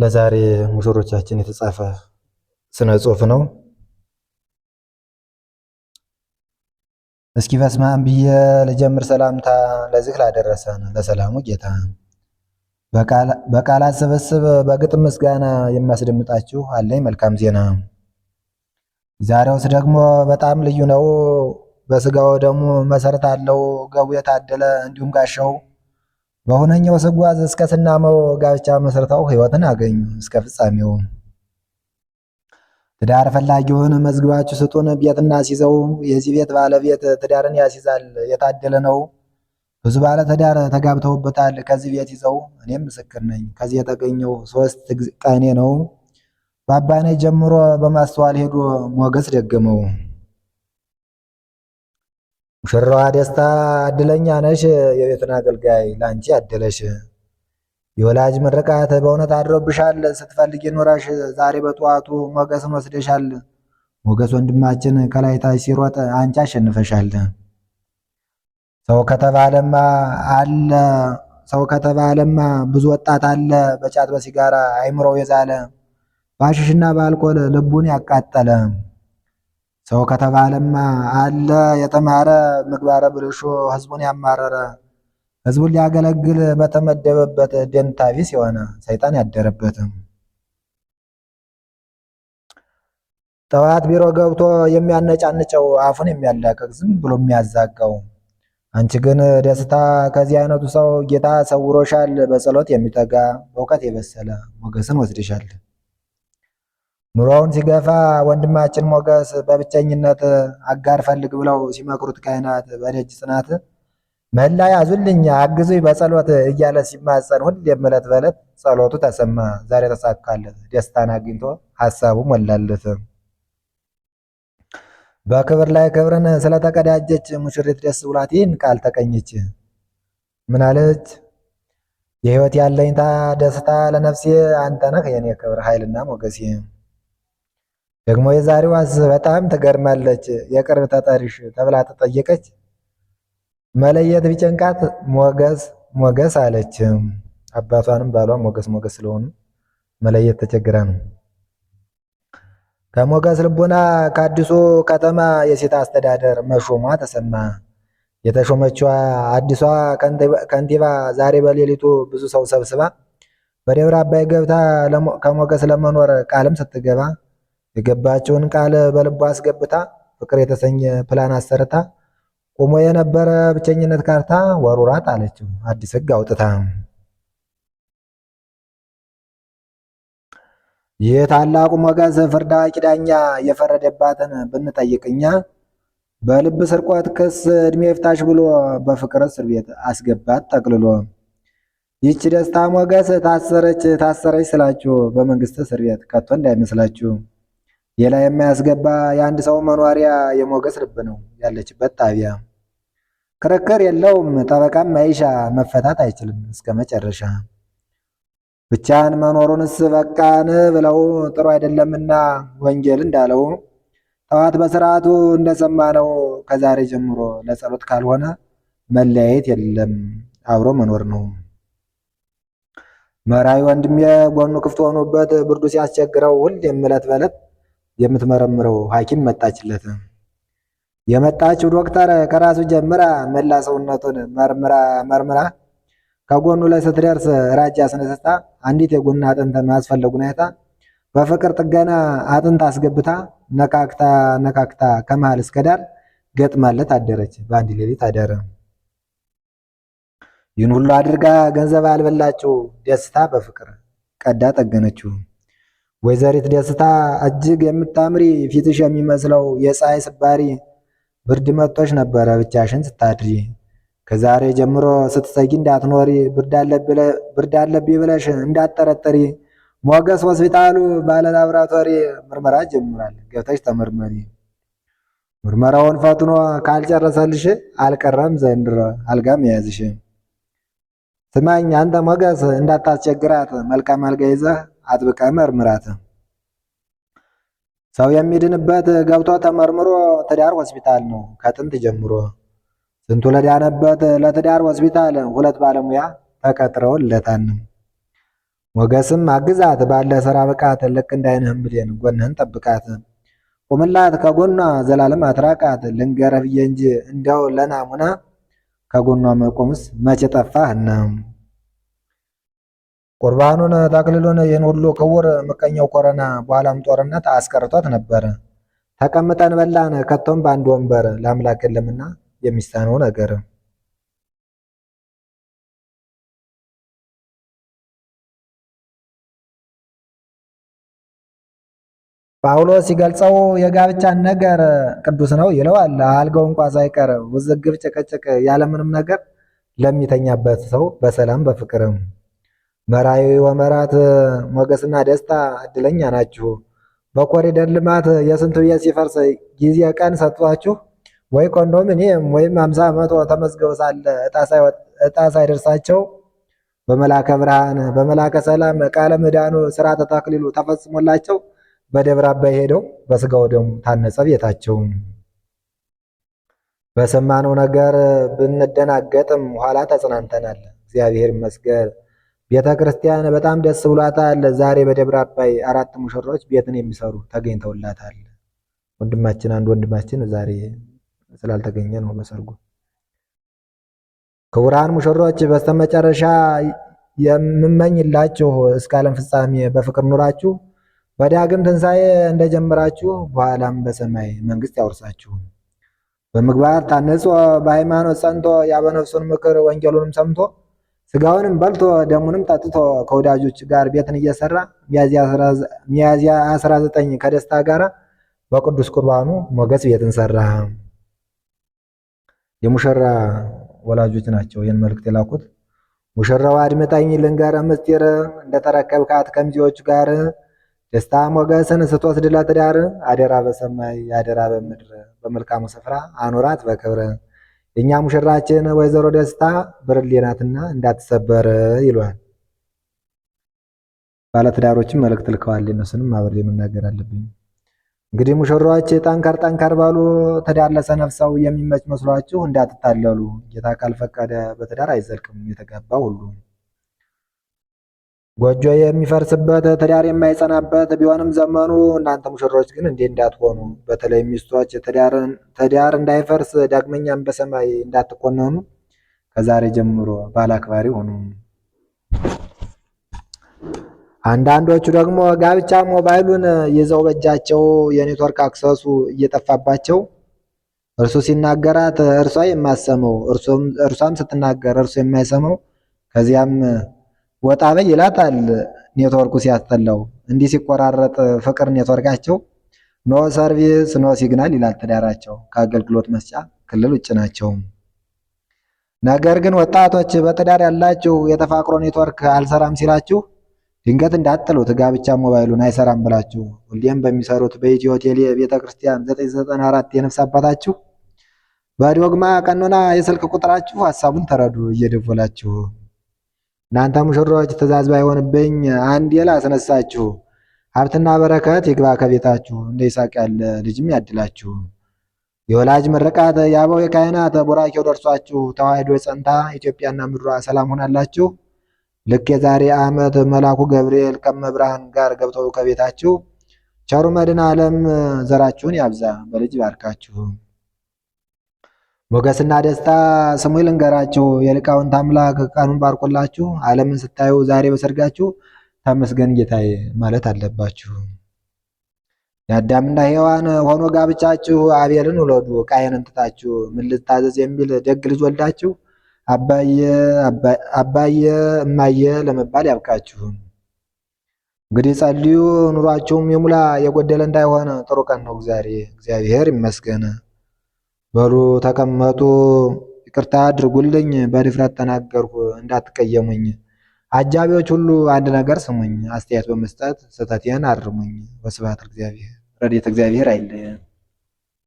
ለዛሬ ሙሽሮቻችን የተጻፈ ስነ ጽሁፍ ነው። እስኪ በስማም ብዬ ልጀምር። ሰላምታ ለዚህ ላደረሰን ለሰላሙ ጌታ በቃላት ስብስብ በግጥም ምስጋና የሚያስደምጣችሁ አለኝ መልካም ዜና። ዛሬውስ ደግሞ በጣም ልዩ ነው። በስጋው ደግሞ መሰረት አለው ገቡ የታደለ እንዲሁም ጋሻው በአሁነኛው ስጓዝ እስከ ስናመው ጋብቻ መስርተው ህይወትን አገኙ። እስከ ፍጻሜው ትዳር ፈላጊውን መዝግባችሁ ስጡን ቤት እናስይዘው። የዚህ ቤት ባለቤት ትዳርን ያስይዛል፣ የታደለ ነው። ብዙ ባለ ትዳር ተጋብተውበታል፣ ከዚህ ቤት ይዘው። እኔም ምስክር ነኝ። ከዚህ የተገኘው ሶስት ቀኔ ነው። በአባኔ ጀምሮ በማስተዋል ሄዶ ሞገስ ደገመው። ሙሽራዋ ደስታ እድለኛ ነሽ፣ የቤቱን አገልጋይ ላንቺ አደለሽ። የወላጅ ምርቃት በእውነት አድሮብሻል። ስትፈልጊ ኑረሽ ዛሬ በጠዋቱ ሞገስን ወስደሻል። ሞገስ ወንድማችን ከላይታ ሲሮጥ አንቺ አሸንፈሻል። ሰው ከተባለማ አለ ሰው ከተባለማ ብዙ ወጣት አለ በጫት በሲጋራ አይምሮው የዛለ ባሽሽና በአልኮል ልቡን ያቃጠለ ሰው ከተባለማ አለ የተማረ ምግባረ ብልሹ ህዝቡን ያማረረ ህዝቡን ሊያገለግል በተመደበበት ደንታ ቢስ የሆነ ሰይጣን ያደረበትም ጠዋት ቢሮ ገብቶ የሚያነጫንጨው አፉን የሚያላቀቅ ዝም ብሎ የሚያዛጋው። አንቺ ግን ደስታ ከዚህ አይነቱ ሰው ጌታ ሰውሮሻል። በጸሎት የሚጠጋ በእውቀት የበሰለ ሞገስን ወስድሻል። ኑሮውን ሲገፋ ወንድማችን ሞገስ በብቸኝነት አጋር ፈልግ ብለው ሲመክሩት ካህናት በደጅ ጽናት መላ ያዙልኝ አግዙኝ በጸሎት እያለ ሲማጸን ሁሌም ዕለት በዕለት ጸሎቱ ተሰማ። ዛሬ ተሳካለት፣ ደስታን አግኝቶ ሀሳቡ ሞላለት። በክብር ላይ ክብርን ስለተቀዳጀች ሙሽሪት ደስ ብሏት ይህን ቃል ተቀኘች። ምን አለች? የህይወት ያለኝታ ደስታ ለነፍሴ አንተ ነህ የኔ ክብር ኃይልና ሞገሴ ደግሞ የዛሬዋስ በጣም ትገርማለች። የቅርብ ተጠሪሽ ተብላ ተጠየቀች። መለየት ቢጨንቃት ሞገስ ሞገስ አለች። አባቷንም ባሏ ሞገስ ሞገስ ስለሆኑ መለየት ተቸግራ ነው። ከሞገስ ልቦና ከአዲሱ ከተማ የሴት አስተዳደር መሾሟ ተሰማ። የተሾመችዋ አዲሷ ከንቲባ ዛሬ በሌሊቱ ብዙ ሰው ሰብስባ በደብረ አባይ ገብታ ከሞገስ ለመኖር ቃልም ስትገባ የገባቸውን ቃል በልቧ አስገብታ ፍቅር የተሰኘ ፕላን አሰርታ ቆሞ የነበረ ብቸኝነት ካርታ ወሩራት አለችው አዲስ ህግ አውጥታ። የታላቁ ሞገስ ፍርዳ ኪዳኛ የፈረደባትን ብንጠይቅኛ በልብ ስርቆት ክስ እድሜ ይፍታሽ ብሎ በፍቅር እስር ቤት አስገባት ጠቅልሎ። ይቺ ደስታ ሞገስ ታሰረች ታሰረች ስላችሁ በመንግስት እስር ቤት ከቶ እንዳይመስላችሁ። ሌላ የማያስገባ የአንድ ሰው መኖሪያ የሞገስ ልብ ነው ያለችበት ጣቢያ። ክርክር የለውም፣ ጠበቃም አይሻ፣ መፈታት አይችልም እስከ መጨረሻ። ብቻን መኖሩንስ በቃን ብለው ጥሩ አይደለምና ወንጌል እንዳለው ጠዋት በስርዓቱ እንደሰማ ነው። ከዛሬ ጀምሮ ለጸሎት ካልሆነ መለያየት የለም አብሮ መኖር ነው። መራዊ ወንድሜ ጎኑ ክፍት ሆኖበት ብርዱ ሲያስቸግረው ሁሌም እለት በለት የምትመረምረው ሐኪም መጣችለት። የመጣችው ዶክተር ከራሱ ጀምራ መላ ሰውነቱን መርምራ መርምራ ከጎኑ ላይ ስትደርስ ራጃ ስነስታ አንዲት የጎን አጥንት ማስፈለጉን አይታ በፍቅር ጥገና አጥንት አስገብታ ነካክታ ነካክታ ከመሃል እስከ ዳር ገጥማለት አደረች። በአንድ ሌሊት አደረ። ይህን ሁሉ አድርጋ ገንዘብ አልበላችው፣ ደስታ በፍቅር ቀዳ ጠገነችው። ወይዘሪት ደስታ እጅግ የምታምሪ ፊትሽ የሚመስለው የፀሐይ ስባሪ ብርድ መቶሽ ነበረ ብቻሽን ስታድሪ። ከዛሬ ጀምሮ ስትሰጊ እንዳትኖሪ ብርድ አለብኝ ብለሽ እንዳትጠረጠሪ። ሞገስ ሆስፒታሉ ባለ ላብራቶሪ ምርመራ ጀምሯል፣ ገብተሽ ተመርመሪ። ምርመራውን ፈትኖ ካልጨረሰልሽ አልቀረም ዘንድሮ አልጋም የያዝሽ። ስማኝ አንተ ሞገስ እንዳታስቸግራት መልካም አልጋ ይዘህ አጥብቀ መርምራት። ሰው የሚድንበት ገብቶ ተመርምሮ ትዳር ሆስፒታል ነው ከጥንት ጀምሮ። ስንቱ ለዳነበት ለትዳር ሆስፒታል ሁለት ባለሙያ ተቀጥረውለታል። ሞገስም አግዛት ባለ ስራ ብቃት፣ ልክ እንዳይነህም ብሌን ጎንህን ጠብቃት፣ ቁምላት ከጎኗ ዘላለም አትራቃት። ልንገረፍዬ እንጂ እንደው ለናሙና ከጎኗ መቆምስ መቼ ጠፋህና ቁርባኑን ተክሊሉን ይህን ሁሉ ክቡር ምቀኛው ኮረና በኋላም ጦርነት አስቀርቶት ነበረ። ተቀምጠን በላን ከቶም በአንድ ወንበር ለአምላክ የለምና የሚሳነው ነገር። ጳውሎስ ሲገልጸው የጋብቻን ነገር ቅዱስ ነው ይለዋል። አልጋው እንኳ ሳይቀር ውዝግብ፣ ጭቅጭቅ ያለምንም ነገር ለሚተኛበት ሰው በሰላም በፍቅርም መራዊ ወመራት ሞገስና ደስታ እድለኛ ናችሁ። በኮሪደር ልማት የስንት ቤት ሲፈርስ ጊዜ ቀን ሰጥቷችሁ ወይ ኮንዶሚኒየም ወይም አምሳ መቶ ተመዝገብ ሳለ እጣ ሳይደርሳቸው በመላከ ብርሃን በመላከ ሰላም ቃለ ምዳኑ ስራ ተተክሊሉ ተፈጽሞላቸው በደብረ አባይ ሄደው በስጋው ደሙ ታነጸ ቤታቸው። በሰማነው ነገር ብንደናገጥም ኋላ ተጽናንተናል። እግዚአብሔር ይመስገን። ቤተ ክርስቲያን በጣም ደስ ብሏታል። ዛሬ በደብረ አባይ አራት ሙሽሮች ቤትን የሚሰሩ ተገኝተውላታል። ወንድማችን አንድ ወንድማችን ዛሬ ስላልተገኘ ነው በሰርጉ። ክቡራን ሙሽሮች በስተመጨረሻ የምመኝላችሁ እስከ ዓለም ፍጻሜ በፍቅር ኑራችሁ በዳግም ትንሣኤ እንደጀመራችሁ በኋላም በሰማይ መንግስት ያወርሳችሁ። በምግባር ታንጾ በሃይማኖት ጸንቶ ያበነሱን ምክር ወንጌሉንም ሰምቶ ስጋውንም በልቶ ደሙንም ጠጥቶ ከወዳጆች ጋር ቤትን እየሰራ ሚያዝያ 19 ከደስታ ጋር በቅዱስ ቁርባኑ ሞገስ ቤትን ሰራ። የሙሽራ ወላጆች ናቸው ይህን መልእክት የላኩት። ሙሽራው አድምጠኝ ልንገረ ምስጢር እንደተረከብካት ከምዚዎቹ ጋር ደስታ ሞገስን ስትወስድ ለትዳር አደራ በሰማይ አደራ በምድር በመልካሙ ስፍራ አኑራት በክብር እኛ ሙሽራችን ወይዘሮ ደስታ ብርሌ ናትና እንዳትሰበር ይሏል። ባለትዳሮችም መልእክት ልከዋል። እነሱንም አብሬ መናገር አለብኝ። እንግዲህ ሙሽሮች ጠንከር ጠንከር ባሉ ትዳር ለሰነፍ ሰው የሚመች መስሏችሁ እንዳትታለሉ። ጌታ ካልፈቀደ በትዳር አይዘልቅም የተጋባ ሁሉ ጎጆ የሚፈርስበት ትዳር የማይጸናበት ቢሆንም ዘመኑ እናንተ ሙሽሮች ግን እንዲህ እንዳትሆኑ። በተለይ ሚስቶች ትዳር እንዳይፈርስ ዳግመኛም በሰማይ እንዳትኮነኑ ከዛሬ ጀምሮ ባል አክባሪ ሆኑ። አንዳንዶቹ ደግሞ ጋብቻ ሞባይሉን ይዘው በእጃቸው የኔትወርክ አክሰሱ እየጠፋባቸው እርሱ ሲናገራት እርሷ የማሰመው እርሷም ስትናገር እርሱ የማይሰማው ከዚያም ወጣ በይ ይላታል። ኔትወርኩ ሲያስጠላው እንዲህ ሲቆራረጥ ፍቅር ኔትወርካቸው ኖ ሰርቪስ ኖ ሲግናል ይላል ትዳራቸው። ከአገልግሎት መስጫ ክልል ውጭ ናቸው። ነገር ግን ወጣቶች በትዳር ያላችሁ የተፋቅሮ ኔትወርክ አልሰራም ሲላችሁ ድንገት እንዳጥሉት ጋብቻ ሞባይሉን አይሰራም ብላችሁ ሁሌም በሚሰሩት በኢትዮ ቴሌ ቤተክርስቲያን 994 የነፍስ አባታችሁ በዶግማ ቀኖና የስልክ ቁጥራችሁ ሀሳቡን ተረዱ እየደወላችሁ እናንተ ሙሽሮች ትእዛዝ ባይሆንብኝ አንድ የላ አስነሳችሁ። ሀብትና በረከት ይግባ ከቤታችሁ፣ እንደ ይስሐቅ ያለ ልጅም ያድላችሁ። የወላጅ ምርቃት የአበው የካህናት ቡራኬው ደርሷችሁ ተዋህዶ ጸንታ ኢትዮጵያና ምድሯ ሰላም ሆናላችሁ። ልክ የዛሬ ዓመት መልአኩ ገብርኤል ከመብርሃን ጋር ገብተው ከቤታችሁ ቸሩ መድኃኔ ዓለም ዘራችሁን ያብዛ በልጅ ባርካችሁ ሞገስና ደስታ ስሙ ልንገራችሁ። የልቃውን አምላክ ቀኑን ባርቆላችሁ ዓለምን ስታዩ ዛሬ በሰርጋችሁ ተመስገን ጌታዬ ማለት አለባችሁ። የአዳምና ሔዋን ሆኖ ጋብቻችሁ አቤልን ውለዱ ቃየንን ትታችሁ ምን ልታዘዝ የሚል ደግ ልጅ ወልዳችሁ አባየ አባየ እማየ ለመባል ያብቃችሁ። እንግዲህ ጸልዩ ኑሯችሁም የሙላ የጎደለ እንዳይሆነ ጥሩ ቀን ነው። እግዚአብሔር ይመስገን። በሉ ተቀመጡ፣ ይቅርታ አድርጉልኝ፣ በድፍረት ተናገርኩ እንዳትቀየሙኝ። አጃቢዎች ሁሉ አንድ ነገር ስሙኝ፣ አስተያየት በመስጠት ስህተቴን አርሙኝ። ወስብሐት ለእግዚአብሔር። ረድኤተ እግዚአብሔር አይለየን።